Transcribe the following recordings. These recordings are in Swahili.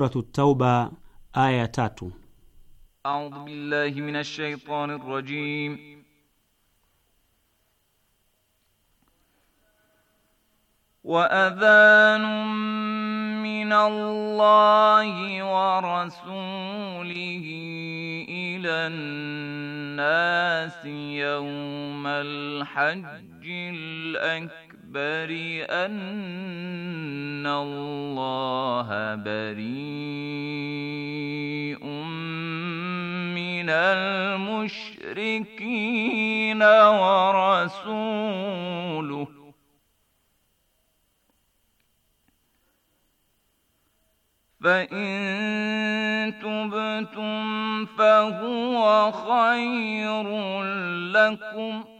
سورة التوبة آية 3 أعوذ بالله من الشيطان الرجيم من المشركين ورسوله فإن تبتم فهو خير لكم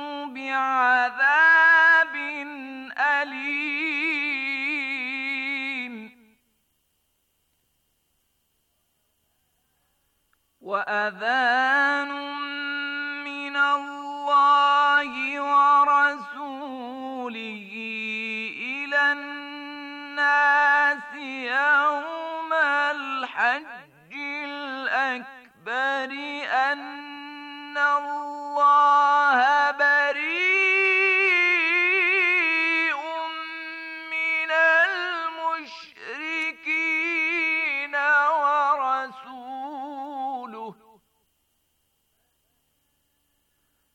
عذاب أليم وأذان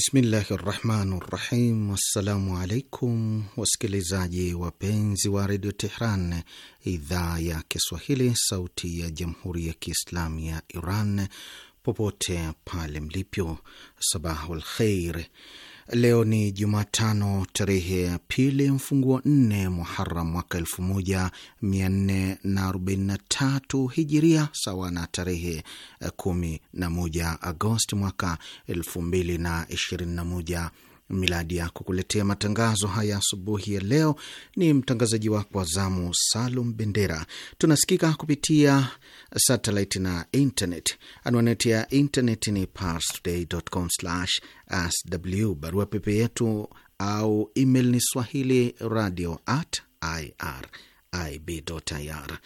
Bismillahi rahmani rahim. Wassalamu alaikum wasikilizaji wapenzi wa redio Tehran, idhaa ya Kiswahili, sauti ya jamhuri ya kiislamu ya Iran, popote pale mlipo, sabahul kheir. Leo ni Jumatano, tarehe ya pili mfunguo nne Muharam mwaka elfu moja mia nne na arobaini na tatu hijiria sawa na tarehe kumi na moja Agosti mwaka elfu mbili na ishirini na moja miladi yako. Kuletea matangazo haya asubuhi ya leo ni mtangazaji wako wa zamu Salum Bendera. Tunasikika kupitia satellite na internet. Anwani ya internet ni parstoday.com/sw. Barua pepe yetu au email ni swahili radio at irib.ir.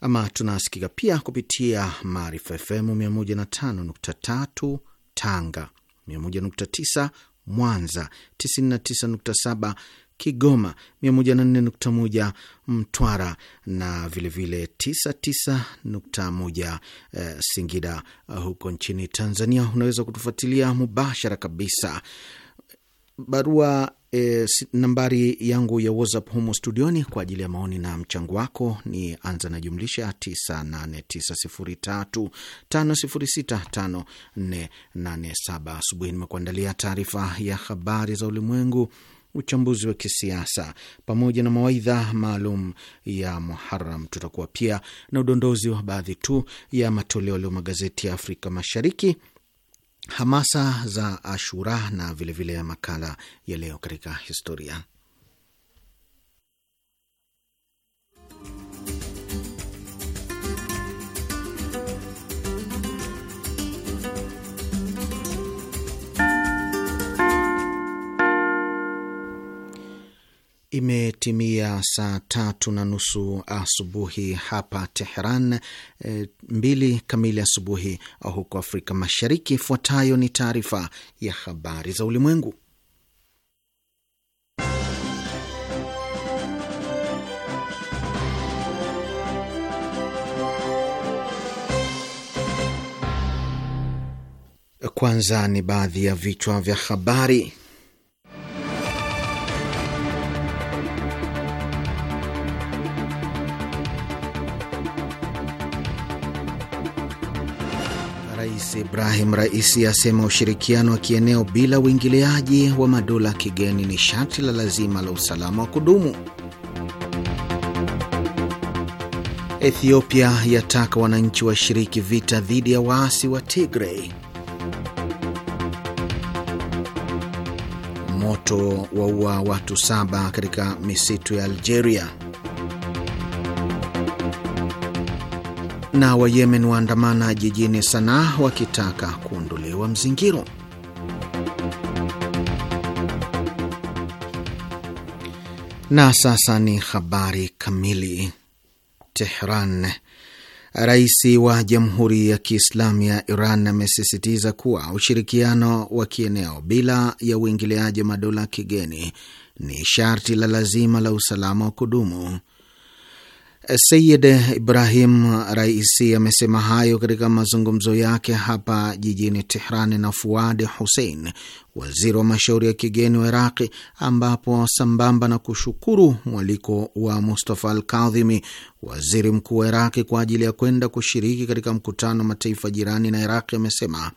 Ama tunasikika pia kupitia Maarifa FM 105.3 Tanga, 101.9 Mwanza 99.7, Kigoma 104.1, Mtwara na vilevile 99.1 eh, Singida eh, huko nchini Tanzania. Unaweza kutufuatilia mubashara kabisa. Barua e, nambari yangu ya WhatsApp humo studioni kwa ajili ya maoni na mchango wako ni anza na jumlisha 989035065487. Asubuhi nimekuandalia taarifa ya habari za ulimwengu, uchambuzi wa kisiasa pamoja na mawaidha maalum ya Muharam. Tutakuwa pia na udondozi wa baadhi tu ya matoleo leo magazeti ya Afrika Mashariki hamasa za Ashura na vilevile vile makala ya leo katika historia. Imetimia saa tatu na nusu asubuhi hapa Teheran, e, mbili kamili asubuhi huko Afrika Mashariki. Ifuatayo ni taarifa ya habari za ulimwengu, kwanza ni baadhi ya vichwa vya habari. Ibrahim Raisi asema ushirikiano wa kieneo bila uingiliaji wa madola kigeni ni sharti la lazima la usalama wa kudumu. Ethiopia yataka wananchi washiriki vita dhidi ya waasi wa Tigray. Moto waua watu saba katika misitu ya Algeria. na Wayemen waandamana jijini Sanaa wakitaka kuondolewa mzingiro. Na sasa ni habari kamili. Tehran. Rais wa Jamhuri ya Kiislamu ya Iran amesisitiza kuwa ushirikiano wa kieneo bila ya uingiliaji madola kigeni ni sharti la lazima la usalama wa kudumu. Sayid Ibrahim Raisi amesema hayo katika mazungumzo yake hapa jijini Tehrani na Fuad Hussein, waziri wa mashauri ya kigeni wa Iraqi, ambapo sambamba na kushukuru mwaliko wa Mustafa Al Kadhimi, waziri mkuu wa Iraqi, kwa ajili ya kwenda kushiriki katika mkutano wa mataifa jirani na Iraqi, amesema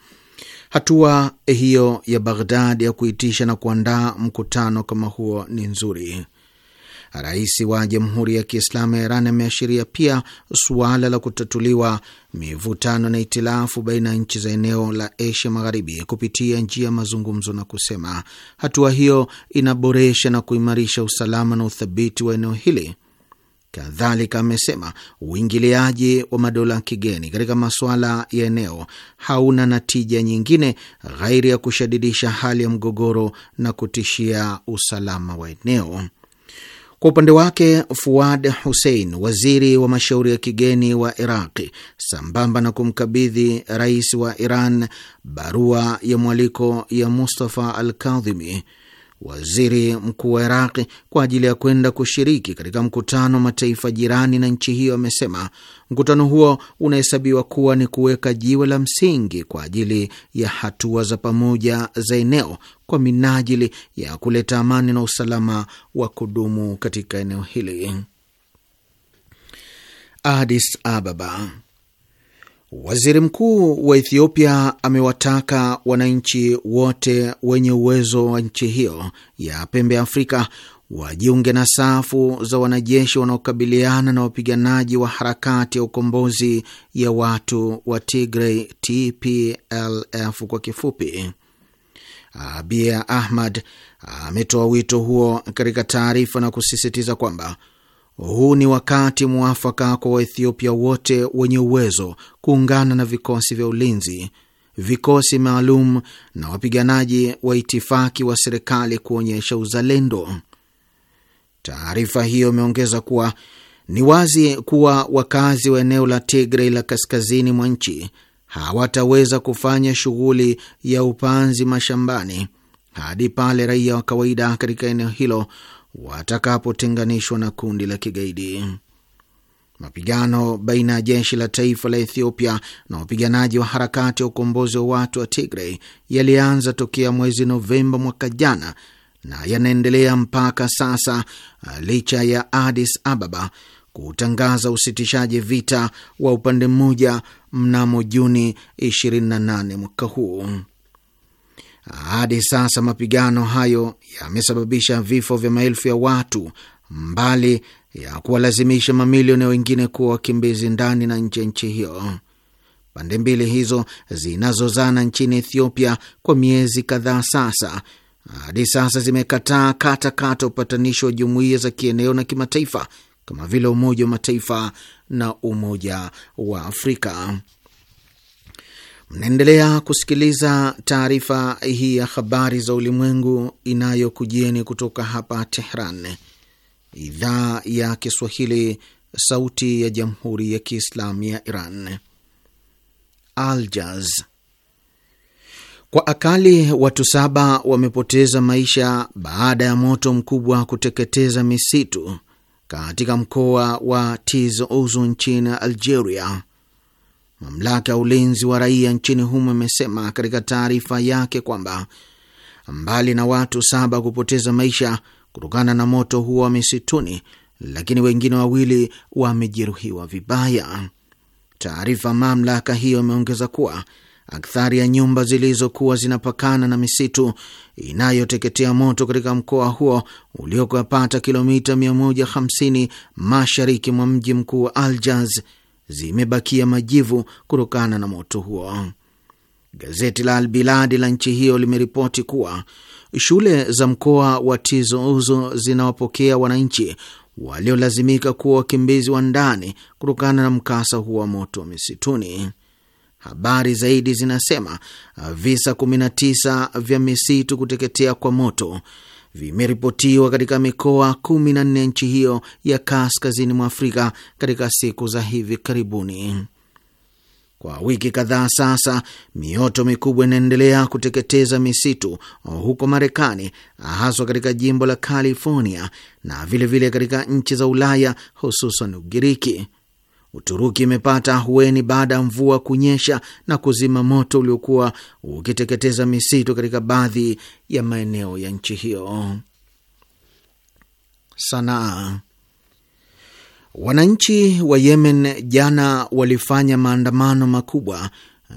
hatua hiyo ya Baghdad ya kuitisha na kuandaa mkutano kama huo ni nzuri. Rais wa Jamhuri ya Kiislamu ya Iran ameashiria pia suala la kutatuliwa mivutano na itilafu baina ya nchi za eneo la Asia Magharibi kupitia njia ya mazungumzo na kusema hatua hiyo inaboresha na kuimarisha usalama na uthabiti wa eneo hili. Kadhalika amesema uingiliaji wa madola ya kigeni katika masuala ya eneo hauna natija nyingine ghairi ya kushadidisha hali ya mgogoro na kutishia usalama wa eneo. Kwa upande wake Fuad Hussein, waziri wa mashauri ya kigeni wa Iraqi, sambamba na kumkabidhi rais wa Iran barua ya mwaliko ya Mustafa Al Kadhimi waziri mkuu wa Iraqi kwa ajili ya kwenda kushiriki katika mkutano wa mataifa jirani na nchi hiyo amesema mkutano huo unahesabiwa kuwa ni kuweka jiwe la msingi kwa ajili ya hatua za pamoja za eneo kwa minajili ya kuleta amani na usalama wa kudumu katika eneo hili. Addis Ababa Waziri mkuu wa Ethiopia amewataka wananchi wote wenye uwezo wa nchi hiyo ya pembe ya Afrika wajiunge na safu za wanajeshi wanaokabiliana na wapiganaji wa harakati ya ukombozi ya watu wa Tigray, TPLF kwa kifupi. abia ahmad ametoa wito huo katika taarifa na kusisitiza kwamba huu ni wakati mwafaka kwa Waethiopia wote wenye uwezo kuungana na vikosi vya ulinzi, vikosi maalum na wapiganaji wa itifaki wa serikali kuonyesha uzalendo. Taarifa hiyo imeongeza kuwa ni wazi kuwa wakazi wa eneo la Tigray la kaskazini mwa nchi hawataweza kufanya shughuli ya upanzi mashambani hadi pale raia wa kawaida katika eneo hilo watakapotenganishwa na kundi la kigaidi. Mapigano baina ya jeshi la taifa la Ethiopia na wapiganaji wa harakati ya ukombozi wa watu wa Tigray yalianza tokea mwezi Novemba mwaka jana na yanaendelea mpaka sasa licha ya Addis Ababa kutangaza usitishaji vita wa upande mmoja mnamo Juni 28 mwaka huu. Hadi sasa mapigano hayo yamesababisha vifo vya maelfu ya watu, mbali ya kuwalazimisha mamilioni wengine kuwa wakimbizi ndani na nje ya nchi hiyo. Pande mbili hizo zinazozana nchini Ethiopia kwa miezi kadhaa sasa hadi sasa zimekataa katakata upatanishi wa jumuiya za kieneo na kimataifa kama vile Umoja wa Mataifa na Umoja wa Afrika. Mnaendelea kusikiliza taarifa hii ya habari za ulimwengu inayokujieni kutoka hapa Tehran, idhaa ya Kiswahili, sauti ya jamhuri ya kiislamu ya Iran. Aljaz kwa akali watu saba wamepoteza maisha baada ya moto mkubwa kuteketeza misitu katika mkoa wa tizuzu nchini Algeria. Mamlaka ya ulinzi wa raia nchini humo imesema katika taarifa yake kwamba mbali na watu saba kupoteza maisha kutokana na moto huo wa misituni, lakini wengine wawili wamejeruhiwa vibaya. Taarifa mamlaka hiyo imeongeza kuwa akthari ya nyumba zilizokuwa zinapakana na misitu inayoteketea moto katika mkoa huo uliokopata kilomita 150 mashariki mwa mji mkuu wa Aljaz zimebakia majivu kutokana na moto huo. Gazeti la Albiladi la nchi hiyo limeripoti kuwa shule za mkoa wa Tizo Uzo zinawapokea wananchi waliolazimika kuwa wakimbizi wa ndani kutokana na mkasa huo wa moto wa misituni. Habari zaidi zinasema visa 19 vya misitu kuteketea kwa moto vimeripotiwa katika mikoa kumi na nne nchi hiyo ya kaskazini mwa Afrika katika siku za hivi karibuni. Kwa wiki kadhaa sasa, mioto mikubwa inaendelea kuteketeza misitu huko Marekani, haswa katika jimbo la California na vilevile vile katika nchi za Ulaya, hususan Ugiriki. Uturuki imepata ahueni baada ya mvua kunyesha na kuzima moto uliokuwa ukiteketeza misitu katika baadhi ya maeneo ya nchi hiyo. Sanaa. Wananchi wa Yemen jana walifanya maandamano makubwa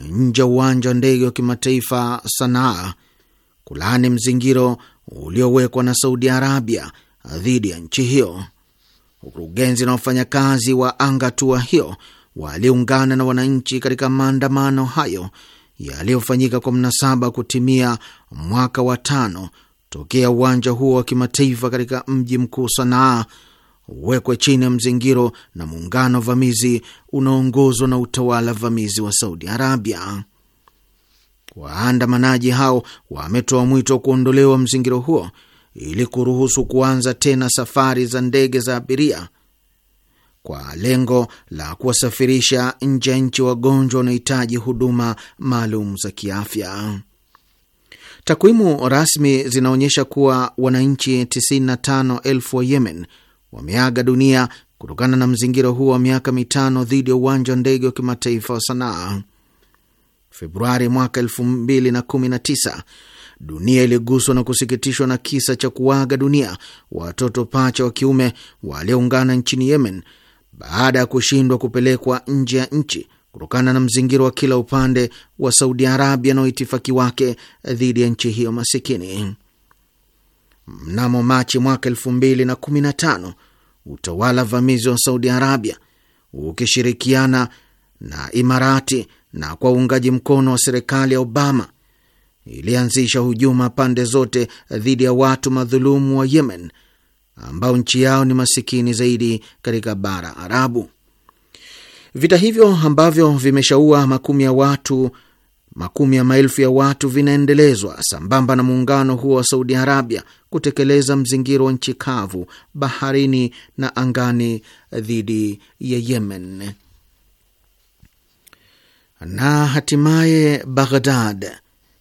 nje uwanja wa ndege wa kimataifa Sanaa kulaani mzingiro uliowekwa na Saudi Arabia dhidi ya nchi hiyo. Ukurugenzi na wafanyakazi wa anga tua hiyo waliungana na wananchi katika maandamano hayo yaliyofanyika kwa mnasaba kutimia mwaka wa tano tokea uwanja huo wa kimataifa katika mji mkuu Sanaa uwekwe chini ya mzingiro na muungano vamizi unaoongozwa na utawala vamizi wa Saudi Arabia. Waandamanaji hao wametoa mwito wa kuondolewa mzingiro huo ili kuruhusu kuanza tena safari za ndege za abiria kwa lengo la kuwasafirisha nje ya nchi wagonjwa wanaohitaji huduma maalum za kiafya. Takwimu rasmi zinaonyesha kuwa wananchi 95,000 wa Yemen wameaga dunia kutokana na mzingira huo wa miaka mitano dhidi ya uwanja wa ndege wa kimataifa wa Sanaa. Februari mwaka 2019 Dunia iliguswa na kusikitishwa na kisa cha kuwaga dunia watoto pacha wa kiume walioungana nchini Yemen baada ya kushindwa kupelekwa nje ya nchi kutokana na mzingiro wa kila upande wa Saudi Arabia na waitifaki wake dhidi ya nchi hiyo masikini. Mnamo Machi mwaka elfu mbili na kumi na tano utawala vamizi wa Saudi Arabia ukishirikiana na Imarati na kwa uungaji mkono wa serikali ya Obama ilianzisha hujuma pande zote dhidi ya watu madhulumu wa Yemen ambao nchi yao ni masikini zaidi katika bara Arabu. Vita hivyo ambavyo vimeshaua makumi ya watu makumi ya maelfu ya watu vinaendelezwa sambamba na muungano huo wa Saudi Arabia kutekeleza mzingiro wa nchi kavu, baharini na angani dhidi ya Yemen. Na hatimaye Baghdad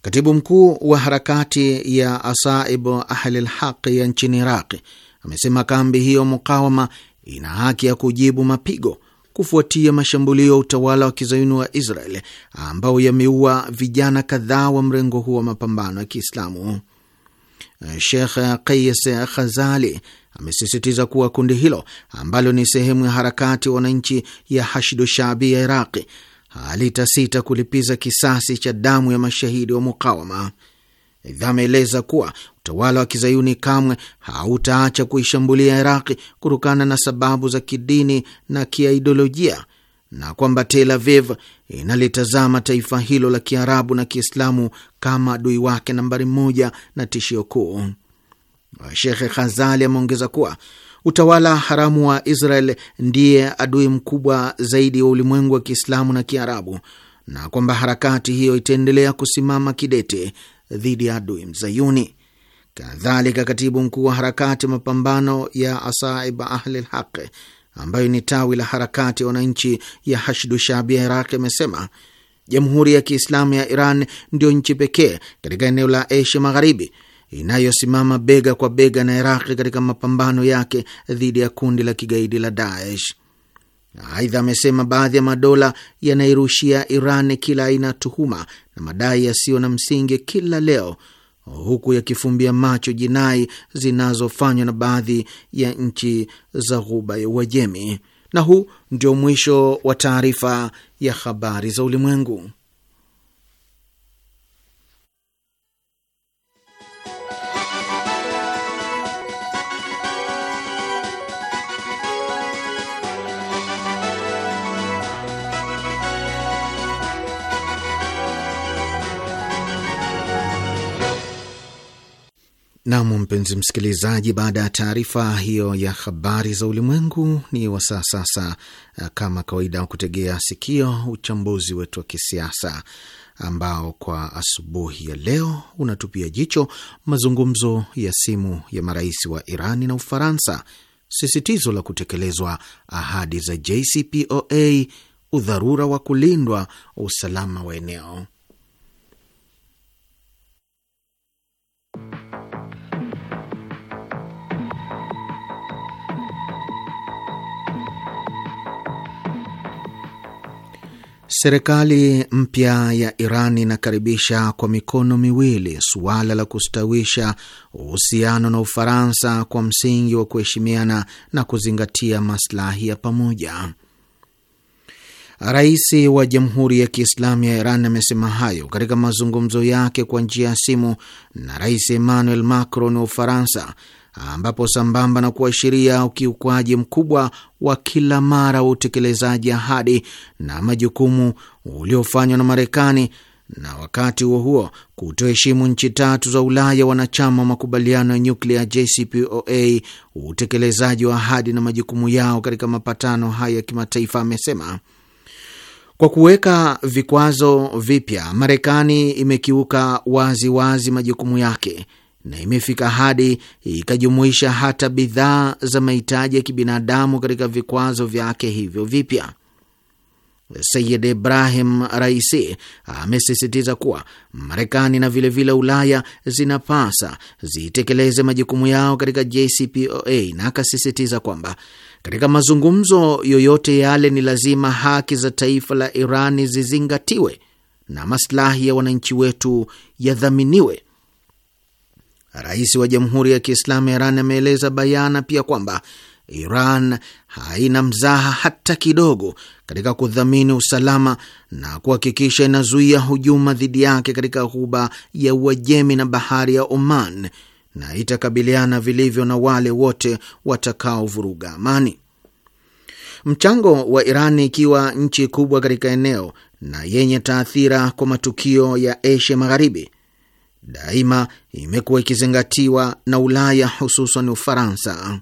Katibu mkuu wa harakati ya Asaib Ahlil haq ya nchini Iraqi amesema kambi hiyo mukawama ina haki ya kujibu mapigo kufuatia mashambulio ya utawala wa kizayuni wa Israel ambao yameua vijana kadhaa wa mrengo huo wa mapambano ya Kiislamu. Shekh Kayes Khazali amesisitiza kuwa kundi hilo ambalo ni sehemu ya harakati ya wananchi ya Hashdu Shaabi ya Iraqi halitasita kulipiza kisasi cha damu ya mashahidi wa mukawama. Aidha, ameeleza kuwa utawala wa kizayuni kamwe hautaacha kuishambulia Iraqi kutokana na sababu za kidini na kiaidolojia na kwamba Tel Aviv inalitazama taifa hilo la kiarabu na kiislamu kama adui wake nambari moja na tishio kuu. Shekhe Khazali ameongeza kuwa Utawala haramu wa Israel ndiye adui mkubwa zaidi wa ulimwengu wa Kiislamu na Kiarabu, na kwamba harakati hiyo itaendelea kusimama kidete dhidi ya adui mzayuni. Kadhalika, katibu mkuu wa harakati ya mapambano ya Asaiba Ahlil Haq ambayo ni tawi la harakati ya wananchi ya Hashdu Shabi ya Iraq amesema Jamhuri ya Kiislamu ya Iran ndiyo nchi pekee katika eneo la Asia Magharibi inayosimama bega kwa bega na Iraqi katika mapambano yake dhidi ya kundi la kigaidi la Daesh. Aidha, amesema baadhi ya madola yanairushia Iran kila aina ya tuhuma na madai yasiyo na msingi kila leo, huku yakifumbia macho jinai zinazofanywa na baadhi ya nchi za Ghuba ya Uajemi. Na huu ndio mwisho wa taarifa ya habari za ulimwengu. Nam, mpenzi msikilizaji, baada ya taarifa hiyo ya habari za ulimwengu, ni wasaa sasa eh, kama kawaida wa kutegea sikio uchambuzi wetu wa kisiasa ambao kwa asubuhi ya leo unatupia jicho mazungumzo ya simu ya marais wa Irani na Ufaransa, sisitizo la kutekelezwa ahadi za JCPOA, udharura wa kulindwa usalama wa eneo Serikali mpya ya Iran inakaribisha kwa mikono miwili suala la kustawisha uhusiano na Ufaransa kwa msingi wa kuheshimiana na kuzingatia maslahi ya pamoja. Rais wa Jamhuri ya Kiislamu ya Iran amesema hayo katika mazungumzo yake kwa njia ya simu na Rais Emmanuel Macron wa Ufaransa ambapo sambamba na kuashiria ukiukwaji mkubwa wa kila mara wa utekelezaji ahadi na majukumu uliofanywa na Marekani na wakati huo huo kutoheshimu nchi tatu za Ulaya wanachama wa makubaliano ya nyuklia JCPOA utekelezaji wa ahadi na majukumu yao katika mapatano haya ya kimataifa, amesema. Kwa kuweka vikwazo vipya, Marekani imekiuka waziwazi wazi majukumu yake na imefika hadi ikajumuisha hata bidhaa za mahitaji ya kibinadamu katika vikwazo vyake hivyo vipya. Sayid Ibrahim Raisi amesisitiza kuwa Marekani na vilevile vile Ulaya zinapasa zitekeleze majukumu yao katika JCPOA na akasisitiza kwamba katika mazungumzo yoyote yale ni lazima haki za taifa la Irani zizingatiwe na maslahi ya wananchi wetu yadhaminiwe Rais wa Jamhuri ya Kiislamu Iran ameeleza bayana pia kwamba Iran haina mzaha hata kidogo katika kudhamini usalama na kuhakikisha inazuia hujuma dhidi yake katika ghuba ya Uajemi na bahari ya Oman na itakabiliana vilivyo na wale wote watakaovuruga amani. Mchango wa Iran ikiwa nchi kubwa katika eneo na yenye taathira kwa matukio ya Asia Magharibi daima imekuwa ikizingatiwa na Ulaya, hususan Ufaransa.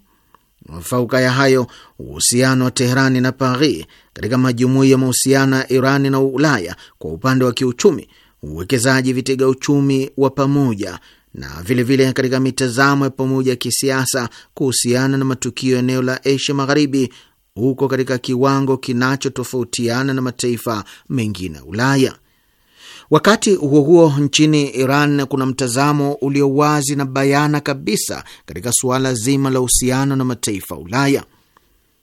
Fauka ya hayo, uhusiano wa Teherani na Paris katika majumuiya ya mahusiano ya Irani na Ulaya kwa upande wa kiuchumi, uwekezaji vitega uchumi wa pamoja na vilevile katika mitazamo ya pamoja ya kisiasa kuhusiana na matukio ya eneo la Asia Magharibi huko katika kiwango kinachotofautiana na mataifa mengine ya Ulaya. Wakati huo huo, nchini Iran kuna mtazamo ulio wazi na bayana kabisa katika suala zima la uhusiano na mataifa ya Ulaya.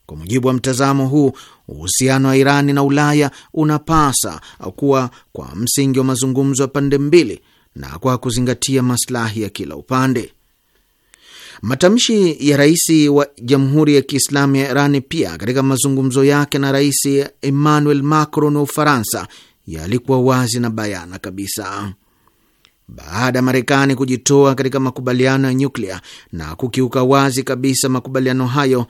Kwa mujibu wa mtazamo huu, uhusiano wa Irani na Ulaya unapasa kuwa kwa msingi wa mazungumzo ya pande mbili na kwa kuzingatia maslahi ya kila upande. Matamshi ya rais wa Jamhuri ya Kiislamu ya Irani pia katika mazungumzo yake na Rais Emmanuel Macron wa Ufaransa yalikuwa wazi na bayana kabisa. Baada ya Marekani kujitoa katika makubaliano ya nyuklia na kukiuka wazi kabisa makubaliano hayo,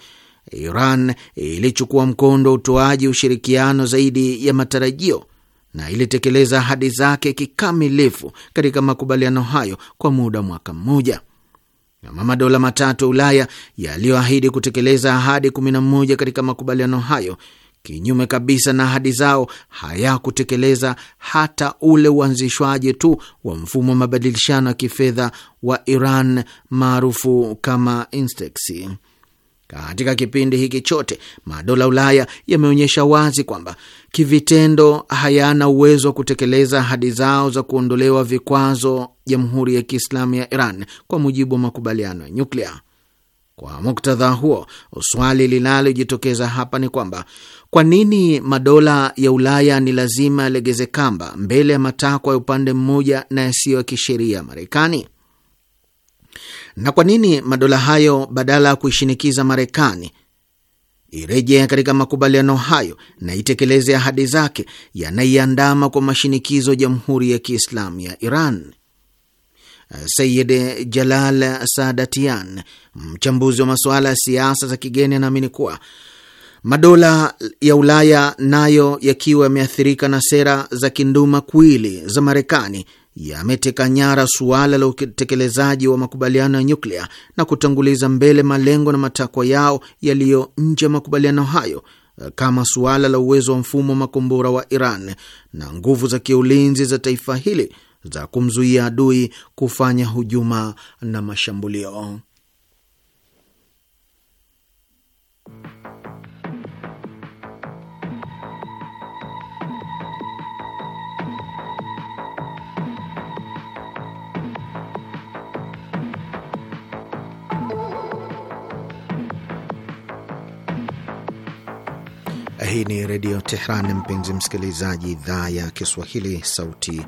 Iran ilichukua mkondo wa utoaji ushirikiano zaidi ya matarajio na ilitekeleza ahadi zake kikamilifu katika makubaliano hayo kwa muda mwaka mmoja. Na madola matatu Ulaya, ya Ulaya yaliyoahidi kutekeleza ahadi 11 katika makubaliano hayo kinyume kabisa na ahadi zao, hayakutekeleza hata ule uanzishwaji tu wa mfumo wa mabadilishano ya kifedha wa Iran maarufu kama INSTEX. Katika kipindi hiki chote madola Ulaya yameonyesha wazi kwamba kivitendo hayana uwezo wa kutekeleza ahadi zao za kuondolewa vikwazo Jamhuri ya Kiislamu ya Iran kwa mujibu wa makubaliano ya nyuklia. Kwa muktadha huo, swali linalojitokeza hapa ni kwamba kwa nini madola ya Ulaya ni lazima yalegeze kamba mbele ya matakwa ya upande mmoja na yasiyo ya kisheria Marekani? Na kwa nini madola hayo badala ya kuishinikiza Marekani irejea katika makubaliano hayo na itekeleze ahadi zake, yanaiandama kwa mashinikizo Jamhuri ya Kiislamu ya Iran? Sayid Jalal Sadatian, mchambuzi wa masuala ya siasa za kigeni, anaamini kuwa Madola ya Ulaya nayo yakiwa yameathirika na sera za kinduma kwili za Marekani yameteka nyara suala la utekelezaji wa makubaliano ya nyuklia na kutanguliza mbele malengo na matakwa yao yaliyo nje ya makubaliano hayo kama suala la uwezo wa mfumo wa makombora wa Iran na nguvu za kiulinzi za taifa hili za kumzuia adui kufanya hujuma na mashambulio. Hii ni Redio Tehran, mpenzi msikilizaji, idhaa ya Kiswahili, sauti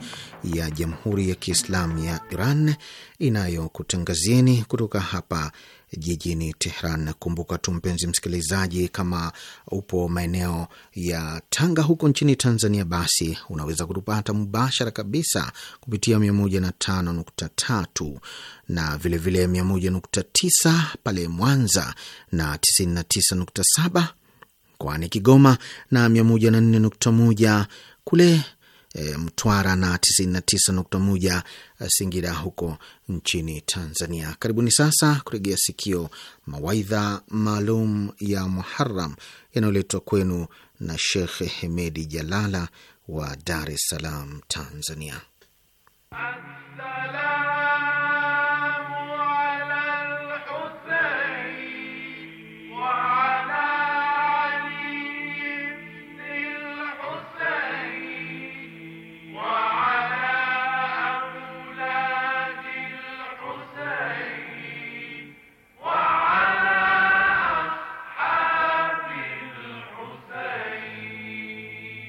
ya Jamhuri ya Kiislamu ya Iran inayokutangazieni kutoka hapa jijini Tehran. Kumbuka tu mpenzi msikilizaji, kama upo maeneo ya Tanga huko nchini Tanzania, basi unaweza kutupata mubashara kabisa kupitia 105.3 na vilevile 101.9 pale Mwanza na 99.7 mkoani Kigoma na 104.1 kule e, Mtwara na 99.1 e, Singida huko nchini Tanzania. Karibuni sasa kuregea sikio mawaidha maalum ya muharam yanayoletwa kwenu na Shekh Hemedi Jalala wa Dar es Salaam, Tanzania. Assalam.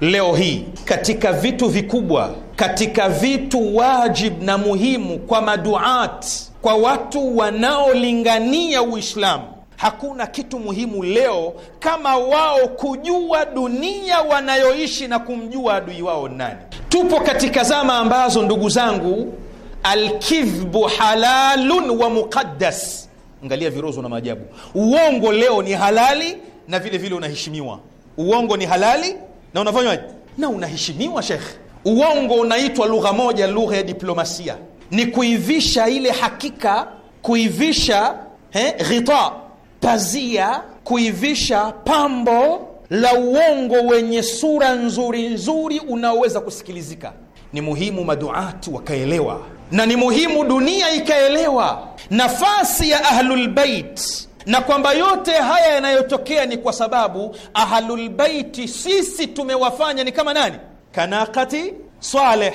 leo hii katika vitu vikubwa, katika vitu wajib na muhimu kwa maduat, kwa watu wanaolingania Uislamu, hakuna kitu muhimu leo kama wao kujua dunia wanayoishi na kumjua adui wao nani. Tupo katika zama ambazo, ndugu zangu, alkidhbu halalun wa muqaddas. Angalia virozo na maajabu. Uongo leo ni halali na vile vile unaheshimiwa. Uongo ni halali na unafanywaje na unaheshimiwa shekhe. Uongo unaitwa lugha moja, lugha ya diplomasia ni kuivisha ile hakika, kuivisha ghita pazia, kuivisha pambo la uongo wenye sura nzuri nzuri unaoweza kusikilizika. Ni muhimu maduati wakaelewa, na ni muhimu dunia ikaelewa nafasi ya Ahlulbeit na kwamba yote haya yanayotokea ni kwa sababu ahlulbaiti sisi tumewafanya ni kama nani? Kanakati Saleh.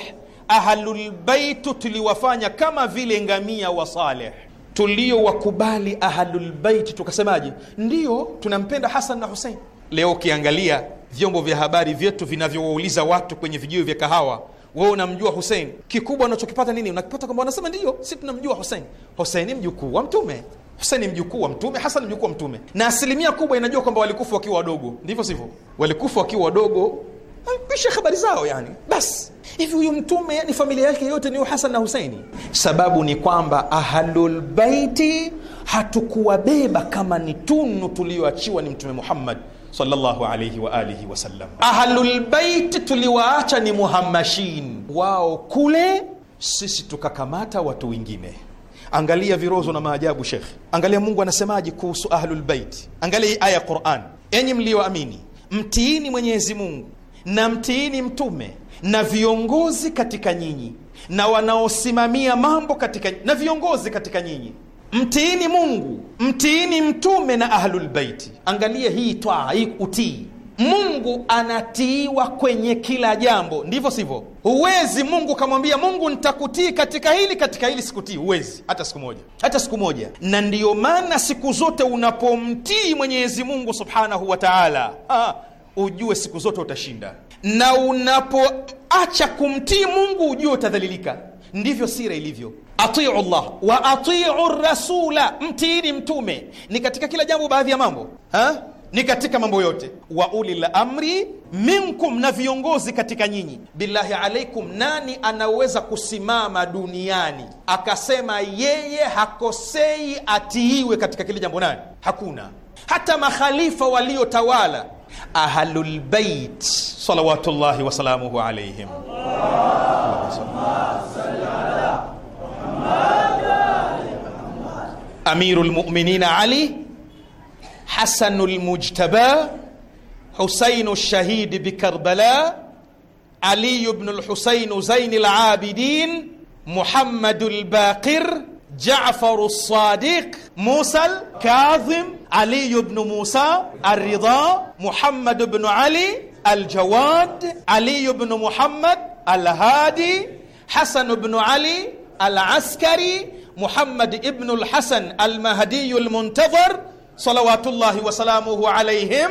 Ahlulbaitu tuliwafanya kama vile ngamia wa Saleh, tuliowakubali ahlulbaiti tukasemaje? ndio tunampenda Hasan na Husein. Leo ukiangalia vyombo vya habari vyetu vinavyowauliza watu kwenye vijio vya kahawa wewe unamjua Husein? Kikubwa unachokipata nini? Unakipata kwamba wanasema ndio si tunamjua Husein. Husein ni mjukuu wa Mtume. Huseini mjukuu wa Mtume, Hasan mjukuu wa Mtume, na asilimia kubwa inajua kwamba walikufa wakiwa wadogo, ndivyo sivyo? Walikufa wakiwa wadogo, kisha habari zao yani basi hivi. Huyu Mtume yani familia yake yote ni Hasan na Huseini. Sababu ni kwamba ahlulbaiti hatukuwabeba kama ni tunu tuliyoachiwa ni Mtume Muhammad sallallahu alayhi wa alihi wasallam. Ahlulbaiti tuliwaacha ni muhammashin wao kule, sisi tukakamata watu wengine Angalia virozo na maajabu Shekh, angalia Mungu anasemaje kuhusu ahlul bait. Angalia hii aya ya Quran: enyi mlioamini, mtiini Mwenyezi Mungu na mtiini mtume na viongozi katika nyinyi na wanaosimamia mambo katika na viongozi katika nyinyi. Mtiini Mungu, mtiini mtume na ahlul baiti. Angalia hii twaa, hii utii Mungu anatiiwa kwenye kila jambo, ndivyo sivyo? Huwezi Mungu kamwambia Mungu, nitakutii katika hili, katika hili sikutii. Huwezi hata siku moja, hata siku moja. Na ndiyo maana siku zote unapomtii Mwenyezi Mungu subhanahu wa taala, ujue siku zote utashinda, na unapoacha kumtii Mungu ujue utadhalilika. Ndivyo sira ilivyo. Atiu llah wa atiu rasula, mtiini mtume ni katika kila jambo, baadhi ya mambo ha? ni katika mambo yote. Wa ulil amri minkum, na viongozi katika nyinyi. Billahi alaikum, nani anaweza kusimama duniani akasema yeye hakosei atiiwe katika kile jambo? Nani? Hakuna. Hata makhalifa waliotawala ahlulbeit salawatullahi wasalamuhu alaihim Amirul Ali حسن المجتبى حسين الشهيد بكربلاء علي بن الحسين زين العابدين محمد الباقر جعفر الصادق موسى الكاظم علي بن موسى الرضا محمد بن علي الجواد علي بن محمد الهادي حسن بن علي العسكري محمد ابن الحسن المهدي المنتظر salawatullahi wasalamuhu alaihim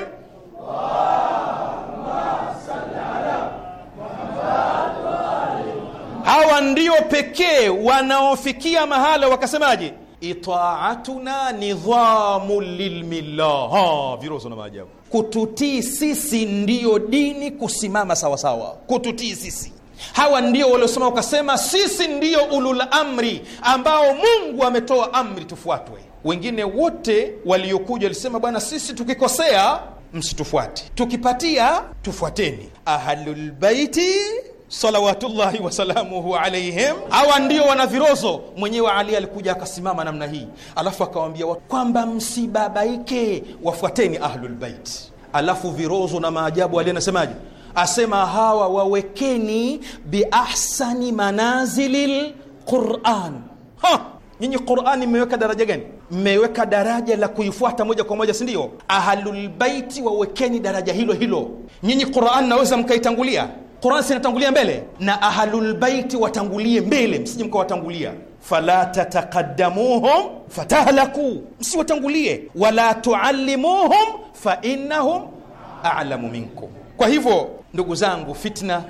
hawa ndio pekee wanaofikia mahala wakasemaje, itaatuna nidhamu lilmillah. Virozo na maajabu, kututii sisi ndiyo dini kusimama sawasawa, kututii sisi. Hawa ndio waliosema wakasema, sisi ndiyo ulul amri ambao Mungu ametoa amri tufuatwe. Wengine wote waliokuja walisema, bwana, sisi tukikosea msitufuate, tukipatia tufuateni. Ahlulbaiti salawatullahi wasalamuhu alaihim, hawa ndio wana virozo. Mwenyewe Ali alikuja akasimama namna hii, alafu watu kwamba msibabaike, wafuateni ahlulbaiti. Alafu virozo na maajabu Ali anasemaje? Asema hawa wawekeni biahsani manazili lquran ha Nyinyi Qur'ani mmeweka daraja gani? Mmeweka daraja la kuifuata moja kwa moja, si ndio? Ahlulbaiti wawekeni daraja hilo hilo. Nyinyi Qur'ani naweza mkaitangulia Qur'ani, sinatangulia mbele na ahlulbaiti watangulie mbele, msije mkawatangulia fala tataqaddamuhum fatahlaku, msiwatangulie. Wala tuallimuhum fa innahum a'lamu minkum. Kwa hivyo ndugu zangu, fitna,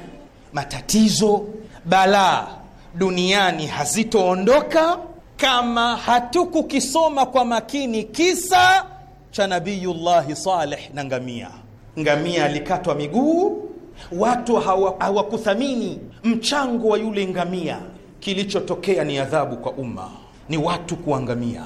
matatizo, balaa duniani hazitoondoka kama hatukukisoma kwa makini kisa cha Nabiyullahi Saleh na ngamia. Ngamia alikatwa miguu, watu hawakuthamini hawa mchango wa yule ngamia. Kilichotokea ni adhabu kwa umma, ni watu kuangamia,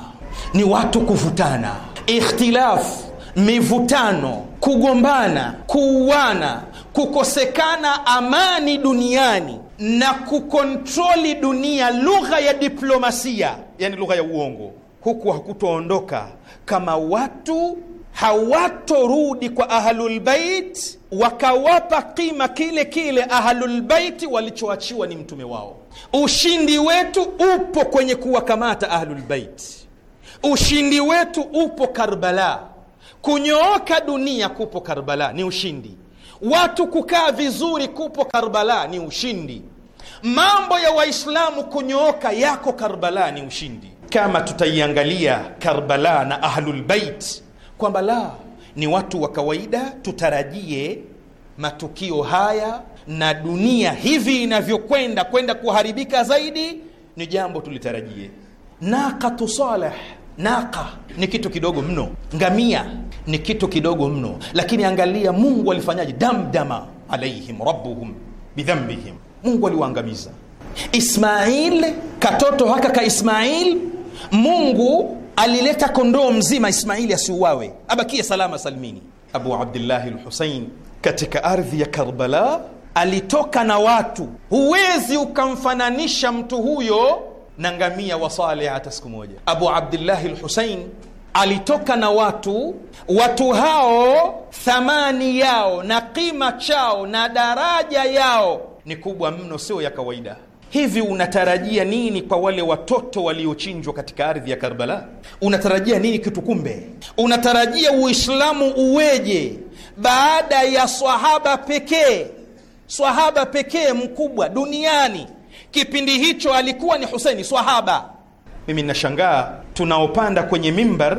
ni watu kuvutana, ikhtilafu, mivutano, kugombana, kuuana, kukosekana amani duniani na kukontroli dunia, lugha ya diplomasia, yani lugha ya uongo, huku hakutoondoka kama watu hawatorudi kwa Ahlulbait wakawapa kima kile kile Ahlulbaiti walichoachiwa ni mtume wao. Ushindi wetu upo kwenye kuwakamata Ahlulbaiti, ushindi wetu upo Karbala. Kunyooka dunia kupo Karbala, ni ushindi Watu kukaa vizuri kupo Karbala ni ushindi. Mambo ya Waislamu kunyooka yako Karbala ni ushindi. Kama tutaiangalia Karbala na Ahlulbeit kwamba la ni watu wa kawaida, tutarajie matukio haya na dunia hivi inavyokwenda kwenda kuharibika zaidi, ni jambo tulitarajie. Naqatu Saleh Naka ni kitu kidogo mno, ngamia ni kitu kidogo mno, lakini angalia Mungu alifanyaje? Damdama alaihim rabuhum bidhambihim, Mungu aliwaangamiza. Ismail katoto haka ka Ismail, Mungu alileta kondoo mzima Ismaili asiuawe, abakie salama salmini. Abu Abdillahi Lhusein katika ardhi ya Karbala alitoka na watu, huwezi ukamfananisha mtu huyo na ngamia wa Saleh hata siku moja. Abu Abdillahi Lhusein alitoka na watu, watu hao thamani yao na kima chao na daraja yao ni kubwa mno, sio ya kawaida. Hivi unatarajia nini kwa wale watoto waliochinjwa katika ardhi ya Karbala? Unatarajia nini kitu? Kumbe unatarajia Uislamu uweje baada ya swahaba pekee, swahaba pekee mkubwa duniani Kipindi hicho alikuwa ni Husaini swahaba. Mimi ninashangaa tunaopanda kwenye mimbar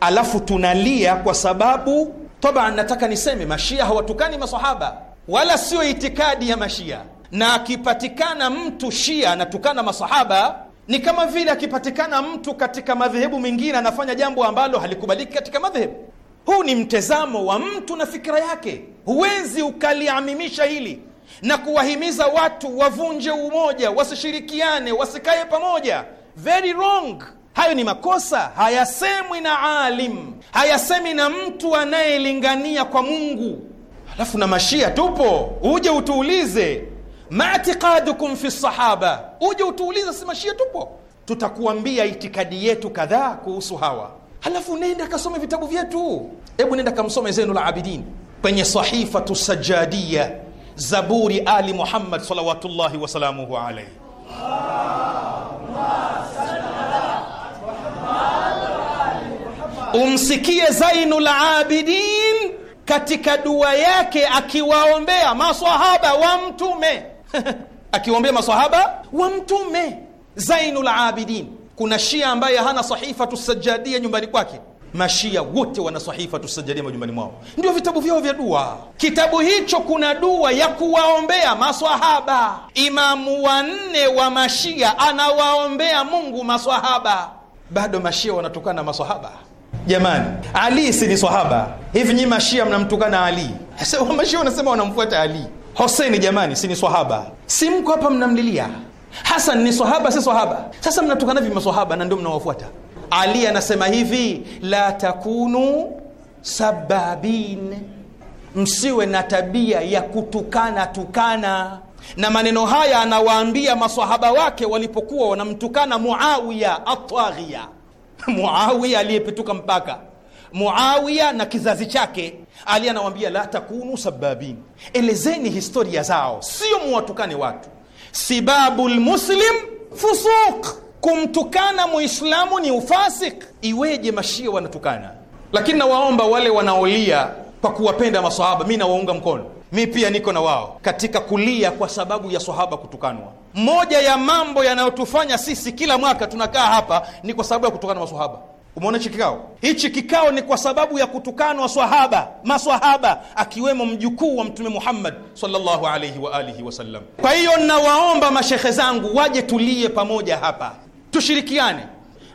alafu tunalia kwa sababu toba. nataka niseme mashia hawatukani masahaba, wala sio itikadi ya mashia. Na akipatikana mtu shia anatukana masahaba ni kama vile akipatikana mtu katika madhehebu mengine anafanya jambo ambalo halikubaliki katika madhehebu. Huu ni mtazamo wa mtu na fikira yake, huwezi ukaliamimisha hili na kuwahimiza watu wavunje umoja, wasishirikiane, wasikae pamoja. Very wrong. Hayo ni makosa, hayasemwi na alim, hayasemi na mtu anayelingania kwa Mungu. Alafu na mashia tupo, uje utuulize maatiqadukum fi sahaba, uje utuulize, si mashia tupo, tutakuambia itikadi yetu kadhaa kuhusu hawa. Halafu nenda kasome vitabu vyetu, hebu nenda kamsome Zainul Abidin kwenye Sahifatu Sajadia Zaburi Ali Muhammad salawatullahi wasalamuhu alaihi. Umsikie Zainul Abidin katika dua yake akiwaombea maswahaba wa Mtume akiwaombea maswahaba wa Mtume Zainul Abidin. Kuna Shia ambaye hana sahifatu sajadia nyumbani kwake mashia wote wana sahifa tusajalia majumbani mwao, ndio vitabu vyao vya dua. Kitabu hicho kuna dua ya kuwaombea maswahaba. Imamu wanne wa mashia anawaombea Mungu maswahaba. Bado mashia wanatukana maswahaba. Jamani, Ali si ni swahaba? Hivi nyi mashia mnamtukana Ali? mashia wanasema wanamfuata Ali. Hoseni jamani, si ni swahaba? Si mko hapa mnamlilia Hasan? Ni swahaba si swahaba? Sasa mnatukana vi maswahaba na ndio mnawafuata ali anasema hivi, la takunu sababin, msiwe na tabia ya kutukana tukana. Na maneno haya anawaambia masahaba wake walipokuwa wanamtukana Muawiya atwaghia, Muawiya aliyepituka mpaka Muawiya na kizazi chake. Ali anawaambia la takunu sababin, elezeni historia zao, sio muwatukane watu. Sibabu lmuslim fusuq kumtukana muislamu ni ufasik. Iweje mashia wanatukana? Lakini nawaomba wale wanaolia kwa kuwapenda masahaba, mi nawaunga mkono, mi pia niko na wao katika kulia kwa sababu ya sahaba kutukanwa. Moja ya mambo yanayotufanya sisi kila mwaka tunakaa hapa ni kwa sababu ya kutukana masahaba. Umeona hichi kikao, hichi kikao ni kwa sababu ya kutukanwa swahaba, maswahaba akiwemo mjukuu wa Mtume Muhammad sallallahu alaihi wa alihi wasallam. Kwa hiyo nawaomba mashehe zangu waje tulie pamoja hapa tushirikiane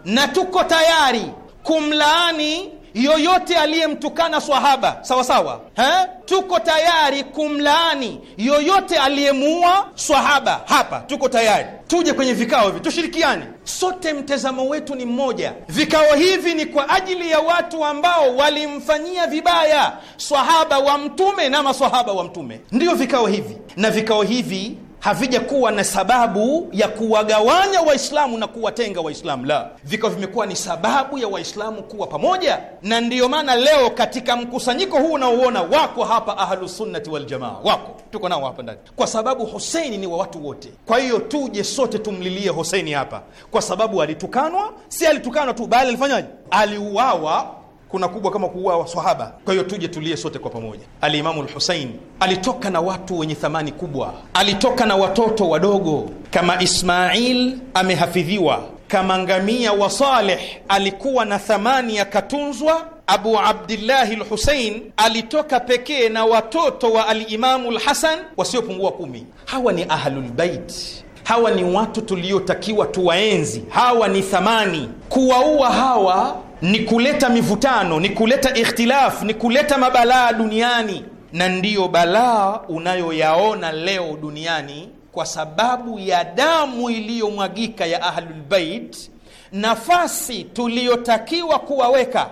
na tuko tayari kumlaani yoyote aliyemtukana swahaba sawa sawa, ha? Tuko tayari kumlaani yoyote aliyemuua swahaba hapa, tuko tayari. Tuje kwenye vikao hivi tushirikiane sote, mtazamo wetu ni mmoja. Vikao hivi ni kwa ajili ya watu ambao walimfanyia vibaya swahaba wa Mtume na maswahaba wa Mtume, ndio vikao hivi, na vikao hivi havijakuwa na sababu ya kuwagawanya Waislamu na kuwatenga Waislamu, la, viko vimekuwa ni sababu ya Waislamu kuwa pamoja. Na ndiyo maana leo katika mkusanyiko huu unaouona wako hapa Ahlusunnati Waljamaa, wako tuko nao hapa ndani, kwa sababu Huseini ni wa watu wote. Kwa hiyo tuje sote tumlilie Huseini hapa, kwa sababu alitukanwa, si alitukanwa tu, bali alifanyaje? Aliuawa kuna kubwa kama kuua waswahaba. Kwa hiyo tuje tulie sote kwa pamoja. Alimamu Lhusein alitoka na watu wenye thamani kubwa, alitoka na watoto wadogo kama Ismail amehafidhiwa, kama ngamia wa Saleh alikuwa na thamani ya katunzwa. Abu Abdillahi Lhusein alitoka pekee na watoto wa Alimamu Lhasan wasiopungua kumi. Hawa ni Ahlulbaiti. Hawa ni watu tuliotakiwa tuwaenzi. Hawa ni thamani. Kuwaua hawa ni kuleta mivutano, ni kuleta ikhtilafu, ni kuleta mabalaa duniani, na ndiyo balaa unayoyaona leo duniani kwa sababu ya damu iliyomwagika ya Ahlulbeit, nafasi tuliyotakiwa kuwaweka,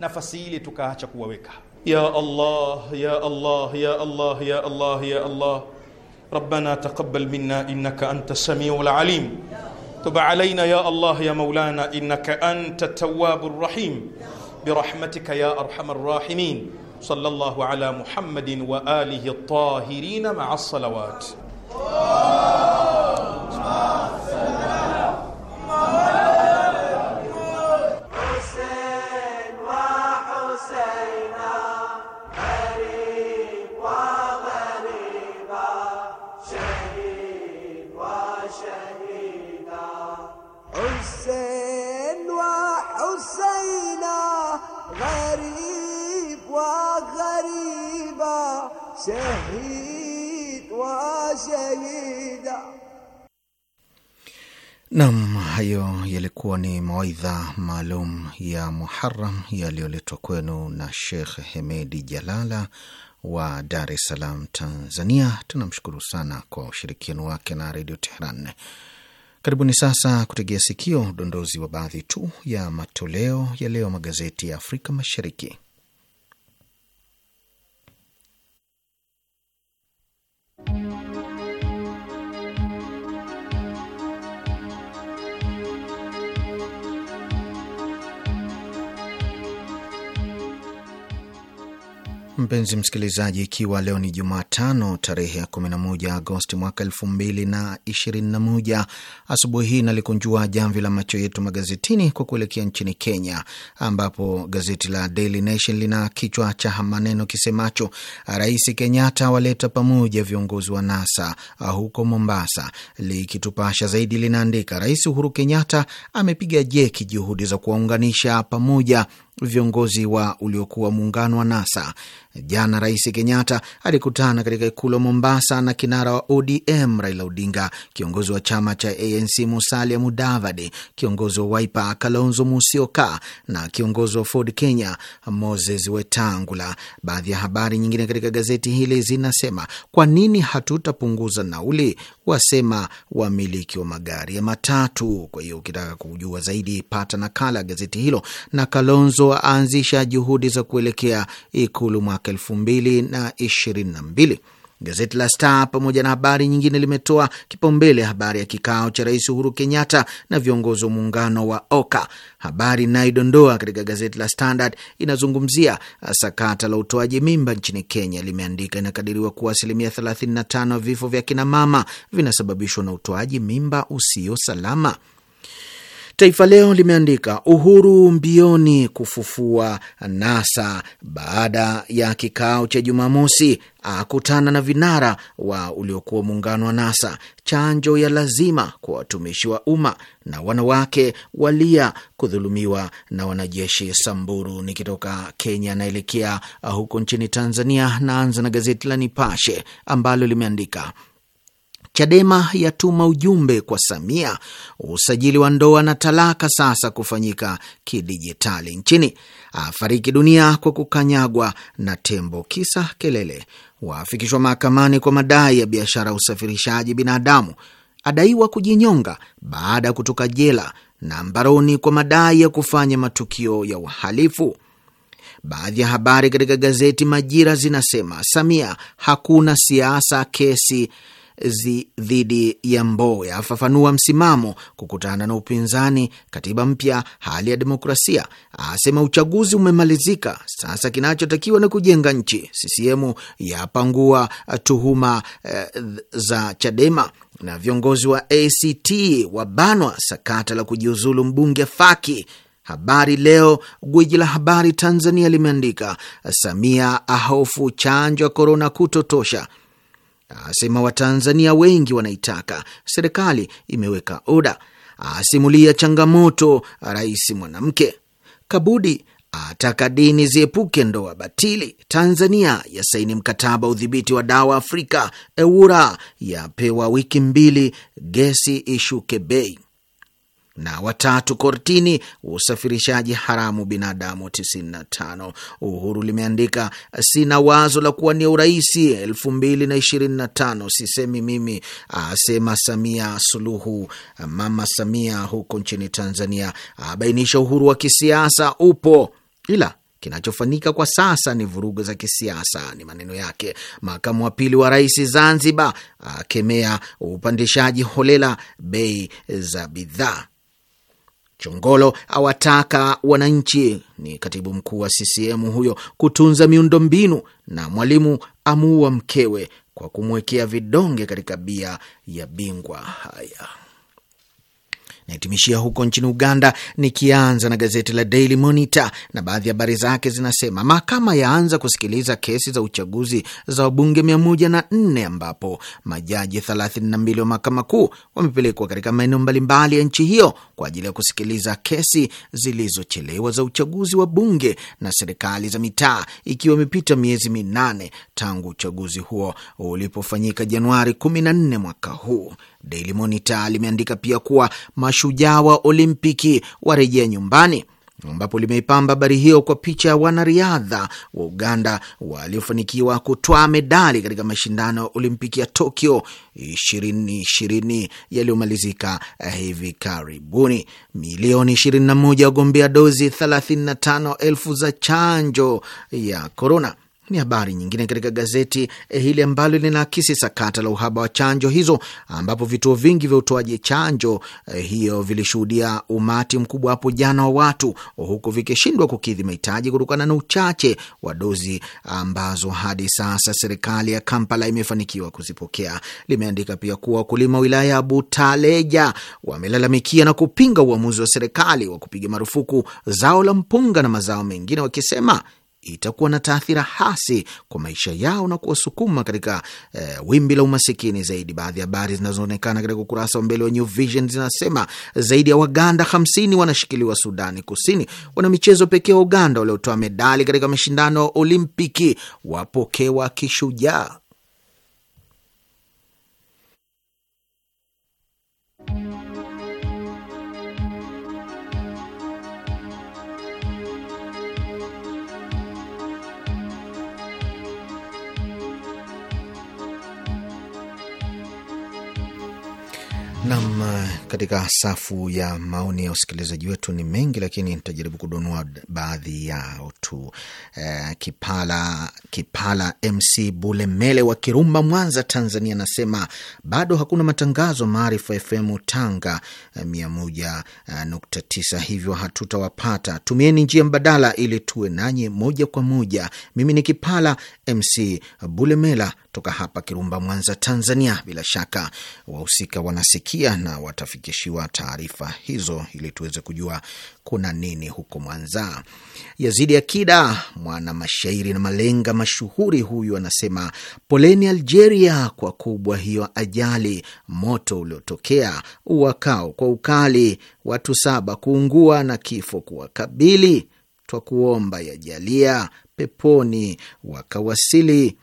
nafasi ile tukaacha kuwaweka. Ya Allah ya Allah ya Allah ya Allah ya Allah, rabbana taqabbal minna innaka anta lsamiu lalim تب علينا يا الله يا مولانا إنك أنت التواب الرحيم برحمتك يا أرحم الراحمين صلى الله على محمد وآله الطاهرين مع الصلوات Nam, hayo yalikuwa ni mawaidha maalum ya Muharam yaliyoletwa kwenu na Shekh Hemedi Jalala wa Dar es Salaam, Tanzania. Tunamshukuru sana kwa ushirikiano wake na Redio Tehran. Karibuni sasa kutegea sikio udondozi wa baadhi tu ya matoleo ya leo magazeti ya Afrika Mashariki. Mpenzi msikilizaji, ikiwa leo ni Jumatano tarehe ya 11 Agosti mwaka 2021 asubuhi hii nalikunjua jamvi la macho yetu magazetini kwa kuelekea nchini Kenya, ambapo gazeti la Daily Nation lina kichwa cha maneno kisemacho Rais Kenyatta waleta pamoja viongozi wa NASA huko Mombasa. Likitupasha zaidi, linaandika Rais Uhuru Kenyatta amepiga jeki juhudi za kuwaunganisha pamoja viongozi wa uliokuwa muungano wa NASA. Jana Rais Kenyatta alikutana katika ikulu Mombasa na kinara wa ODM Raila Odinga, kiongozi wa chama cha ANC Musalia Mudavadi, kiongozi wa Wiper Kalonzo Musyoka na kiongozi wa Ford Kenya Moses Wetangula. Baadhi ya habari nyingine katika gazeti hili zinasema kwa nini hatutapunguza nauli, wasema wamiliki wa magari ya matatu. Kwa hiyo ukitaka kujua zaidi, pata nakala ya gazeti hilo. Na Kalonzo aanzisha juhudi za kuelekea ikulu mwaka mwaka elfu mbili na ishirini na mbili. Gazeti la Star pamoja na habari nyingine limetoa kipaumbele habari ya kikao cha Rais Uhuru Kenyatta na viongozi wa muungano wa OKA. Habari inayodondoa katika gazeti la Standard inazungumzia sakata la utoaji mimba nchini Kenya. Limeandika inakadiriwa kuwa asilimia 35 ya vifo vya kinamama vinasababishwa na utoaji mimba usio salama. Taifa Leo limeandika Uhuru mbioni kufufua NASA baada ya kikao cha Jumamosi, akutana na vinara wa uliokuwa muungano wa NASA, chanjo ya lazima kwa watumishi wa umma, na wanawake walia kudhulumiwa na wanajeshi Samburu. Nikitoka Kenya naelekea uh, huko nchini Tanzania, naanza na gazeti la Nipashe ambalo limeandika Chadema yatuma ujumbe kwa Samia, usajili wa ndoa na talaka sasa kufanyika kidijitali nchini. Afariki dunia kwa kukanyagwa na tembo, kisa kelele. Wafikishwa mahakamani kwa madai ya biashara ya usafirishaji binadamu. Adaiwa kujinyonga baada ya kutoka jela, na mbaroni kwa madai ya kufanya matukio ya uhalifu. Baadhi ya habari katika gazeti Majira zinasema Samia, hakuna siasa, kesi dhidi ya Mboya afafanua msimamo kukutana na upinzani, katiba mpya, hali ya demokrasia, asema uchaguzi umemalizika, sasa kinachotakiwa ni kujenga nchi. CCM yapangua tuhuma eh, za Chadema na viongozi wa ACT wabanwa sakata la kujiuzulu mbunge Faki. Habari Leo, gwiji la habari Tanzania, limeandika Samia ahofu chanjo ya korona kutotosha asema Watanzania wengi wanaitaka, serikali imeweka oda, asimulia changamoto rais mwanamke. Kabudi ataka dini ziepuke ndoa batili. Tanzania yasaini mkataba wa udhibiti wa dawa Afrika. EWURA yapewa wiki mbili, gesi ishuke bei na watatu kortini usafirishaji haramu binadamu 95. Uhuru limeandika sina wazo la kuwania uraisi 2025 sisemi mimi, asema Samia Suluhu. Mama Samia huko nchini Tanzania abainisha uhuru wa kisiasa upo ila kinachofanyika kwa sasa ni vurugu za kisiasa, ni maneno yake. Makamu wa pili wa rais Zanzibar akemea upandishaji holela bei za bidhaa. Chongolo awataka wananchi, ni katibu mkuu wa CCM huyo, kutunza miundombinu, na Mwalimu amuua mkewe kwa kumwekea vidonge katika bia ya Bingwa. Haya naitimishia huko nchini Uganda, nikianza na gazeti la Daily Monitor na baadhi ya habari zake zinasema: mahakama yaanza kusikiliza kesi za uchaguzi za wabunge mia moja na nne ambapo majaji mbili wa mahakama kuu wamepelekwa katika maeneo mbalimbali ya nchi hiyo kwa ajili ya kusikiliza kesi zilizochelewa za uchaguzi wa bunge na serikali za mitaa, ikiwa imepita miezi minane tangu uchaguzi huo ulipofanyika Januari 14 mwaka huu. Daily Monitor limeandika pia kuwa mashujaa wa Olimpiki warejea nyumbani ambapo limeipamba habari hiyo kwa picha ya wanariadha wa Uganda waliofanikiwa kutwaa medali katika mashindano ya Olimpiki ya Tokyo 2020 yaliyomalizika hivi karibuni. Milioni 21 wagombea dozi 35 elfu za chanjo ya korona ni habari nyingine katika gazeti eh, hili ambalo linaakisi sakata la uhaba wa chanjo hizo, ambapo vituo vingi vya utoaji chanjo eh, hiyo vilishuhudia umati mkubwa hapo jana wa watu, huku vikishindwa kukidhi mahitaji kutokana na uchache wa dozi ambazo hadi sasa serikali ya Kampala imefanikiwa kuzipokea. Limeandika pia kuwa wakulima wilaya ya Butaleja wamelalamikia na kupinga uamuzi wa serikali wa kupiga marufuku zao la mpunga na mazao mengine wakisema itakuwa na taathira hasi kwa maisha yao na kuwasukuma katika e, wimbi la umasikini zaidi. Baadhi ya habari zinazoonekana katika ukurasa wa mbele wa New Vision zinasema zaidi ya Waganda 50 wanashikiliwa Sudani Kusini. Wanamichezo pekee wa Uganda waliotoa medali katika mashindano ya Olimpiki wapokewa kishujaa. Nam, katika safu ya maoni ya usikilizaji wetu ni mengi, lakini nitajaribu kudonua baadhi yao tu. Eh, Kipala Kipala MC Bulemele wa Kirumba, Mwanza, Tanzania, anasema bado hakuna matangazo Maarifa FM Tanga eh, mia moja eh, nukta tisa, hivyo hatutawapata. Tumieni njia mbadala ili tuwe nanye moja kwa moja. Mimi ni Kipala MC Bulemela toka hapa Kirumba, Mwanza, Tanzania. Bila shaka wahusika wanasikia watasikia na watafikishiwa taarifa hizo ili tuweze kujua kuna nini huko Mwanza. Yazidi Akida, mwana mashairi na malenga mashuhuri huyu, anasema poleni Algeria kwa kubwa hiyo ajali, moto uliotokea uwakao kwa ukali, watu saba kuungua na kifo kuwakabili, twakuomba yajalia peponi wakawasili.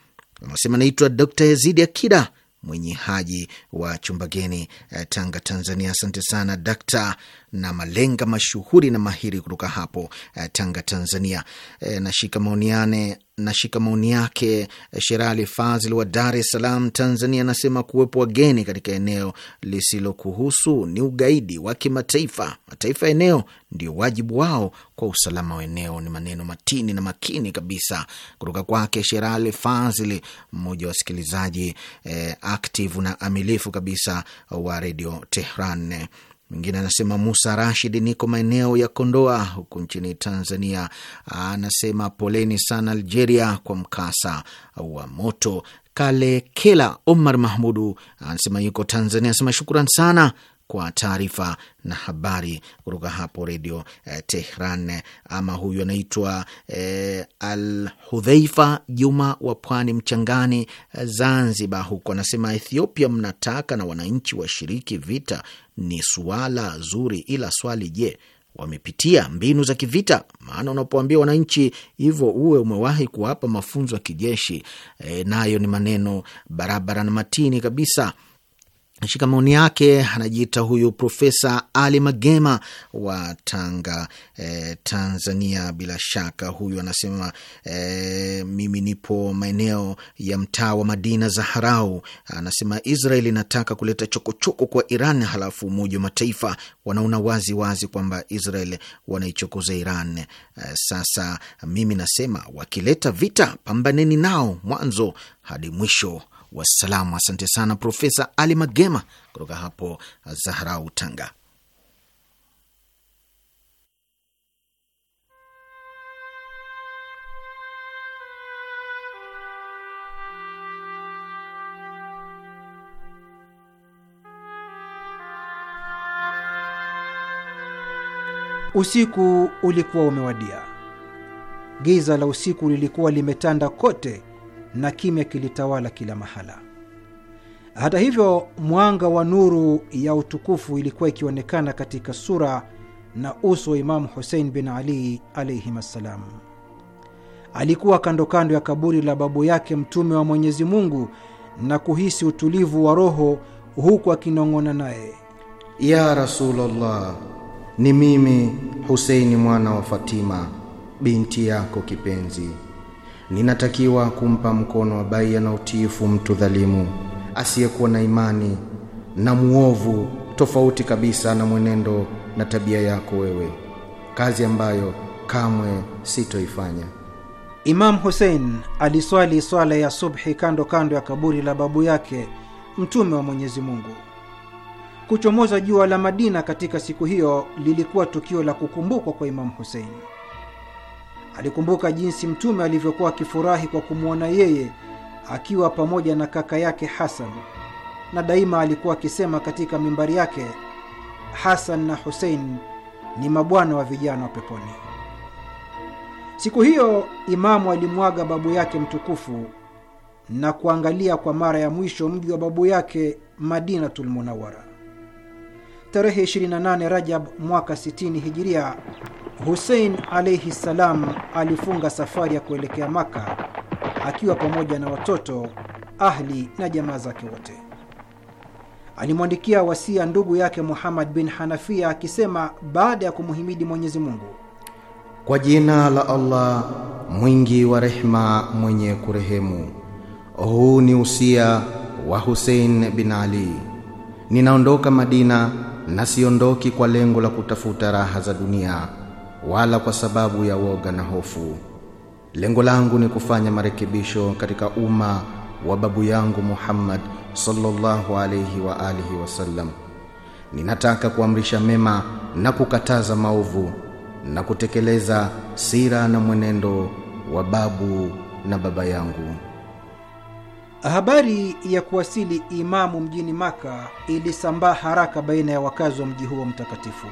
Anasema naitwa Dr Yazidi Akida mwenye haji wa Chumbageni, eh, Tanga, Tanzania. Asante sana Dakta na malenga mashuhuri na mahiri kutoka hapo eh, Tanga, Tanzania. Eh, nashika maoniane nashika maoni yake eh, Sherali Fazil wa Dar es Salaam, Tanzania, anasema kuwepo wageni katika eneo lisilokuhusu ni ugaidi wa kimataifa. Mataifa eneo ndio wajibu wao kwa usalama wa eneo. Ni maneno matini na makini kabisa kutoka kwake Sherali Fazil, mmoja wa wasikilizaji eh, aktivu na amilifu kabisa wa redio Tehran. Mwingine anasema Musa Rashid, niko maeneo ya Kondoa huku nchini Tanzania. Anasema poleni sana Algeria kwa mkasa wa moto. Kale Kela Omar Mahmudu anasema yuko Tanzania, anasema shukran sana kwa taarifa na habari kutoka hapo Redio eh, Tehran. Ama huyu anaitwa eh, Al Hudheifa Juma wa Pwani Mchangani, eh, Zanzibar huko, anasema Ethiopia mnataka na wananchi washiriki vita, ni suala zuri, ila swali, je, wamepitia mbinu za kivita? Maana unapoambia wananchi hivyo uwe umewahi kuwapa mafunzo ya kijeshi. E, nayo ni maneno barabara na matini kabisa shika maoni yake anajiita huyu Profesa Ali Magema wa Tanga eh, Tanzania. Bila shaka huyu anasema eh, mimi nipo maeneo ya mtaa wa Madina Zaharau. Anasema israel inataka kuleta chokochoko kwa Iran, halafu Umoja wa Mataifa wanaona wazi wazi kwamba Israel wanaichokoza Iran. Eh, sasa mimi nasema wakileta vita, pambaneni nao mwanzo hadi mwisho wassalamu. Asante sana Profesa Ali Magema kutoka hapo Zaharau, Tanga. Usiku ulikuwa umewadia. Giza la usiku lilikuwa limetanda kote na kimya kilitawala kila mahala. Hata hivyo, mwanga wa nuru ya utukufu ilikuwa ikionekana katika sura na uso wa Imamu Husein bin Ali alaihim assalam. Alikuwa kando kando ya kaburi la babu yake Mtume wa Mwenyezi Mungu na kuhisi utulivu wa roho, huku akinong'ona naye, ya Rasulullah, ni mimi Huseini mwana wa Fatima binti yako kipenzi ninatakiwa kumpa mkono wa baia na utiifu mtu dhalimu asiyekuwa na imani na muovu, tofauti kabisa na mwenendo na tabia yako wewe, kazi ambayo kamwe sitoifanya. Imamu Hussein aliswali swala ya subhi kando kando ya kaburi la babu yake Mtume wa Mwenyezi Mungu. Kuchomoza jua la Madina katika siku hiyo lilikuwa tukio la kukumbukwa kwa Imamu Hussein. Alikumbuka jinsi Mtume alivyokuwa akifurahi kwa kumwona yeye akiwa pamoja na kaka yake Hasan, na daima alikuwa akisema katika mimbari yake, Hasan na Husein ni mabwana wa vijana wa peponi. Siku hiyo Imamu alimwaga babu yake mtukufu na kuangalia kwa mara ya mwisho mji wa babu yake Madinatul Munawara tarehe 28 Rajab mwaka 60 Hijiria Hussein alaihi ssalam alifunga safari ya kuelekea Maka akiwa pamoja na watoto, ahli na jamaa zake wote. Alimwandikia wasia ndugu yake Muhammad bin Hanafia akisema baada ya kumuhimidi Mwenyezi Mungu, kwa jina la Allah mwingi wa rehema, mwenye kurehemu. Huu ni usia wa Hussein bin Ali. Ninaondoka Madina na siondoki kwa lengo la kutafuta raha za dunia wala kwa sababu ya woga na hofu. Lengo langu ni kufanya marekebisho katika umma wa babu yangu Muhammad sallallahu alayhi wa alihi wasallam. Ninataka kuamrisha mema na kukataza maovu na kutekeleza sira na mwenendo wa babu na baba yangu. Habari ya kuwasili Imamu mjini Maka ilisambaa haraka baina ya wakazi wa mji huo mtakatifu.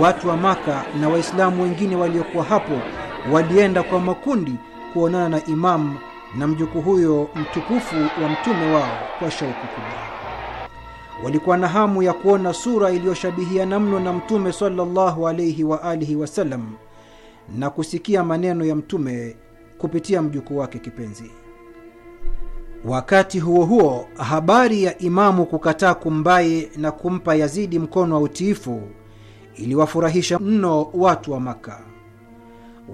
Watu wa Maka na Waislamu wengine waliokuwa hapo walienda kwa makundi kuonana na imamu na mjukuu huyo mtukufu wa mtume wao kwa shauku kubwa. Walikuwa na hamu ya kuona sura iliyoshabihiana mno na mtume sallallahu alaihi wa alihi wasallam na kusikia maneno ya mtume kupitia mjukuu wake kipenzi. Wakati huo huo, habari ya imamu kukataa kumbai na kumpa Yazidi mkono wa utiifu iliwafurahisha mno watu wa Makka.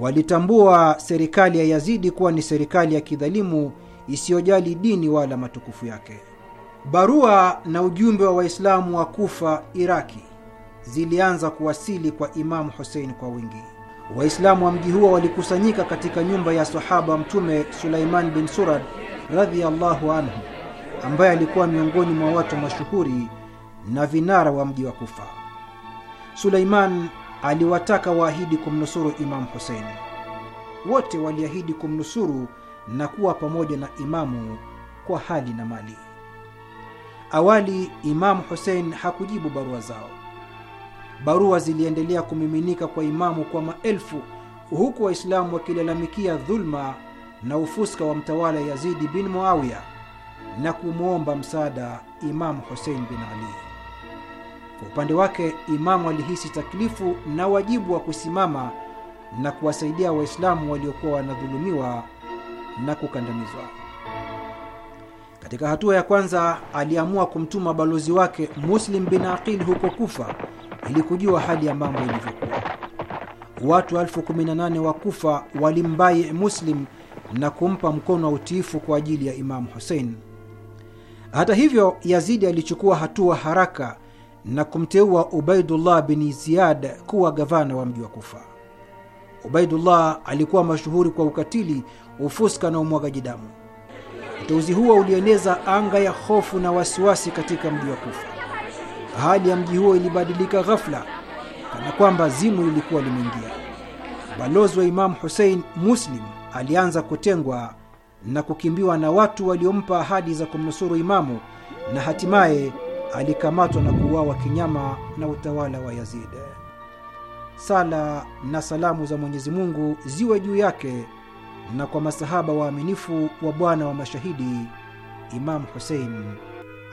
Walitambua serikali ya Yazidi kuwa ni serikali ya kidhalimu isiyojali dini wala matukufu yake. Barua na ujumbe wa Waislamu wa Kufa, Iraki, zilianza kuwasili kwa Imamu Husein kwa wingi. Waislamu wa mji huo walikusanyika katika nyumba ya sahaba Mtume Sulaiman bin Surad radhiyallahu anhu, ambaye alikuwa miongoni mwa watu mashuhuri na vinara wa mji wa Kufa. Suleiman aliwataka waahidi kumnusuru Imamu Husein. Wote waliahidi kumnusuru na kuwa pamoja na Imamu kwa hali na mali. Awali Imamu Husein hakujibu barua zao. Barua ziliendelea kumiminika kwa Imamu kwa maelfu, huku Waislamu wakilalamikia dhuluma na ufuska wa mtawala Yazidi bin Muawiya na kumwomba msaada Imamu Husein bin Ali. Kwa upande wake, Imamu alihisi taklifu na wajibu wa kusimama na kuwasaidia Waislamu waliokuwa wanadhulumiwa na kukandamizwa. Katika hatua ya kwanza, aliamua kumtuma balozi wake Muslim bin Aqil huko Kufa ili kujua hali ya mambo ilivyokuwa. Watu elfu kumi na nane wa Kufa walimbai Muslim na kumpa mkono wa utiifu kwa ajili ya Imamu Husein. Hata hivyo, Yazidi alichukua hatua haraka na kumteua Ubaidullah bin Ziyad kuwa gavana wa mji wa Kufa. Ubaidullah alikuwa mashuhuri kwa ukatili, ufuska na umwagaji damu. Uteuzi huo ulieneza anga ya hofu na wasiwasi katika mji wa Kufa. Hali ya mji huo ilibadilika ghafla, kana kwamba zimu lilikuwa limeingia. Balozi wa Imamu Husein Muslim alianza kutengwa na kukimbiwa na watu waliompa ahadi za kumnusuru Imamu na hatimaye alikamatwa na kuuawa kinyama na utawala wa Yazid. Sala na salamu za Mwenyezi Mungu ziwe juu yake na kwa masahaba waaminifu wa bwana wa mashahidi Imamu Husein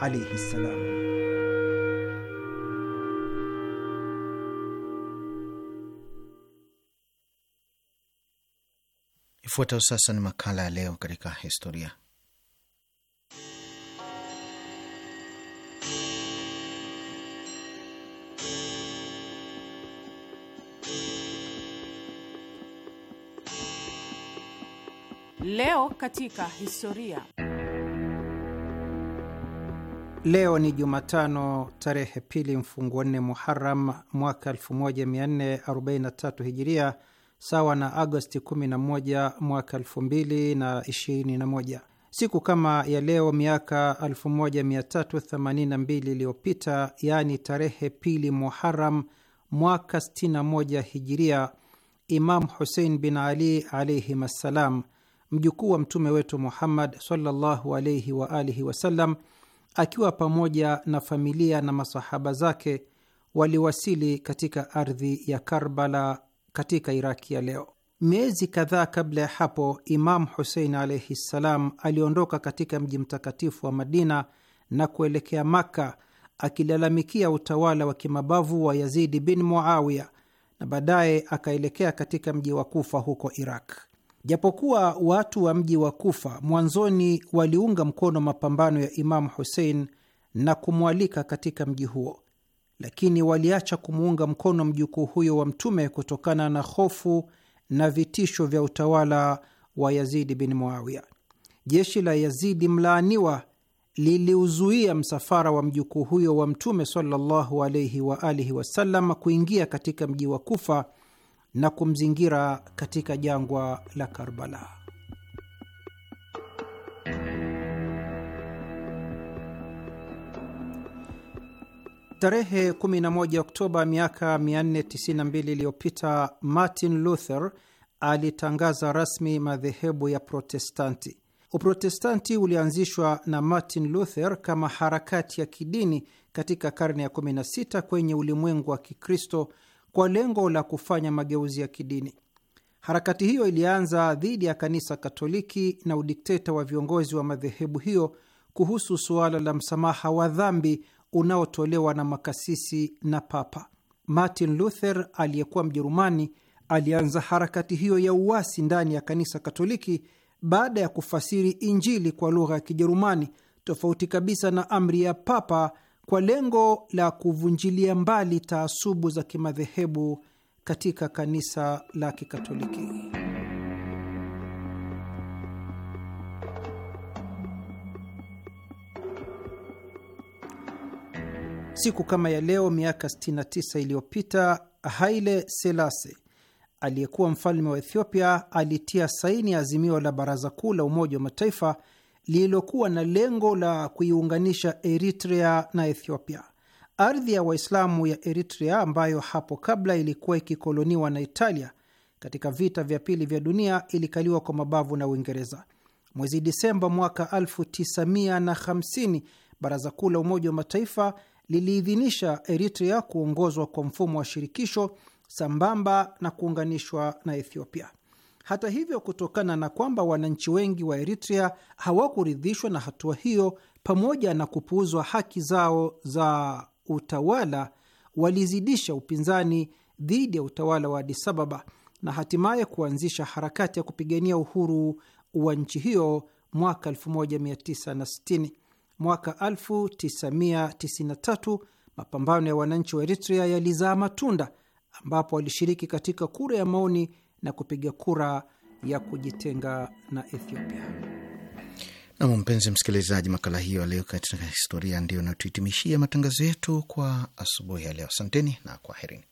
alaihi ssalam. Ifuatayo sasa ni makala ya leo katika historia. Leo katika historia. Leo ni Jumatano tarehe pili mfunguo nne Muharam mwaka 1443 Hijiria, sawa na Agosti 11 mwaka 2021. Siku kama ya leo miaka 1382 iliyopita, yaani tarehe pili Muharam mwaka 61 Hijiria, Imam Husein bin Ali alaihim assalam mjukuu wa mtume wetu Muhammad sallallahu alaihi wa alihi wasallam, akiwa pamoja na familia na masahaba zake waliwasili katika ardhi ya Karbala katika Iraki ya leo. Miezi kadhaa kabla ya hapo, Imamu Husein alaihi ssalam aliondoka katika mji mtakatifu wa Madina na kuelekea Makka akilalamikia utawala wa kimabavu wa Yazidi bin Muawiya na baadaye akaelekea katika mji wa Kufa huko Iraq. Japokuwa watu wa mji wa Kufa mwanzoni waliunga mkono mapambano ya Imamu Husein na kumwalika katika mji huo, lakini waliacha kumuunga mkono mjukuu huyo wa Mtume kutokana na hofu na vitisho vya utawala wa Yazidi bin Muawiya. Jeshi la Yazidi mlaaniwa liliuzuia msafara wa mjukuu huyo wa Mtume sallallahu alaihi waalihi wasallam kuingia katika mji wa Kufa na kumzingira katika jangwa la Karbala. Tarehe 11 Oktoba miaka 492 iliyopita Martin Luther alitangaza rasmi madhehebu ya Protestanti. Uprotestanti ulianzishwa na Martin Luther kama harakati ya kidini katika karne ya 16 kwenye ulimwengu wa Kikristo kwa lengo la kufanya mageuzi ya kidini. Harakati hiyo ilianza dhidi ya kanisa Katoliki na udikteta wa viongozi wa madhehebu hiyo kuhusu suala la msamaha wa dhambi unaotolewa na makasisi na papa. Martin Luther aliyekuwa Mjerumani alianza harakati hiyo ya uasi ndani ya kanisa Katoliki baada ya kufasiri Injili kwa lugha ya Kijerumani, tofauti kabisa na amri ya papa kwa lengo la kuvunjilia mbali taasubu za kimadhehebu katika kanisa la Kikatoliki. Siku kama ya leo miaka 69 iliyopita Haile Selase aliyekuwa mfalme wa Ethiopia alitia saini ya azimio la Baraza Kuu la Umoja wa Mataifa lililokuwa na lengo la kuiunganisha Eritrea na Ethiopia. Ardhi ya Waislamu ya Eritrea ambayo hapo kabla ilikuwa ikikoloniwa na Italia katika vita vya pili vya dunia ilikaliwa kwa mabavu na Uingereza. Mwezi Disemba mwaka 1950 Baraza Kuu la Umoja wa Mataifa liliidhinisha Eritrea kuongozwa kwa mfumo wa shirikisho sambamba na kuunganishwa na Ethiopia. Hata hivyo, kutokana na kwamba wananchi wengi wa Eritrea hawakuridhishwa na hatua hiyo, pamoja na kupuuzwa haki zao za utawala, walizidisha upinzani dhidi ya utawala wa Addis Ababa na hatimaye kuanzisha harakati ya kupigania uhuru wa nchi hiyo mwaka 1960. Mwaka 1993 mapambano ya wananchi wa Eritrea yalizaa matunda, ambapo walishiriki katika kura ya maoni na kupiga kura ya kujitenga na Ethiopia. Nam, mpenzi msikilizaji, makala hiyo leo katika historia ndio inatuhitimishia matangazo yetu kwa asubuhi ya leo. Asanteni na kwaherini.